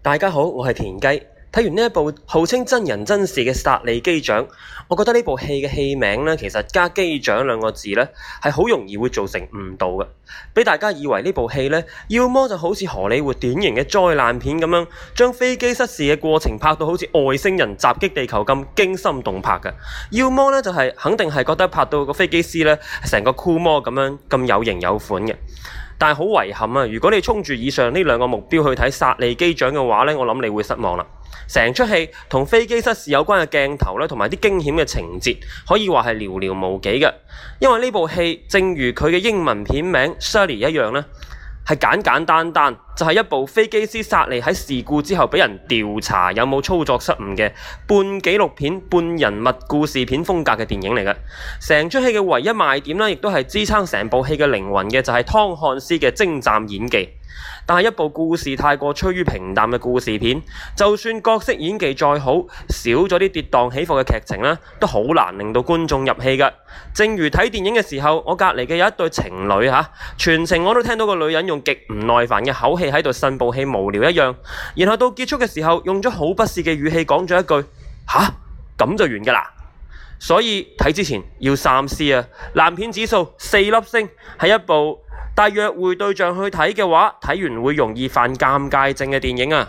大家好，我係田雞。睇完呢部號稱真人真事嘅《薩利機長》，我覺得呢部戲嘅戲名呢，其實加機長兩個字呢，係好容易會造成誤導嘅，俾大家以為呢部戲呢，要麼就好似荷里活典型嘅災難片咁樣，將飛機失事嘅過程拍到好似外星人襲擊地球咁驚心動魄嘅；要麼呢，就係肯定係覺得拍到個飛機師呢，成個酷魔咁樣咁有型有款嘅。但係好遺憾啊！如果你衝住以上呢兩個目標去睇《薩利機長》嘅話呢，我諗你會失望啦。成出戲同飛機失事有關嘅鏡頭呢，同埋啲驚險嘅情節，可以話係寥寥無幾嘅。因為呢部戲正如佢嘅英文片名《Sully》一樣呢，係簡簡單單就係、是、一部飛機師薩利喺事故之後俾人調查有冇操作失誤嘅半紀錄片半人物故事片風格嘅電影嚟嘅。成出戲嘅唯一賣點咧，亦都係支撐成部戲嘅靈魂嘅就係湯漢斯嘅精湛演技。但係一部故事太過趨於平淡嘅故事片，就算角色演技再好，少咗啲跌宕起伏嘅劇情咧，都好難令到觀眾入戲嘅。正如睇電影嘅時候，我隔籬嘅有一對情侶吓，全程我都聽到個女人用，極唔耐煩嘅口氣喺度呻部戲無聊一樣，然後到結束嘅時候用咗好不屑嘅語氣講咗一句：吓、啊、咁就完噶啦！所以睇之前要三思啊！爛片指數四粒星，係一部帶約會對象去睇嘅話，睇完會容易犯尷尬症嘅電影啊！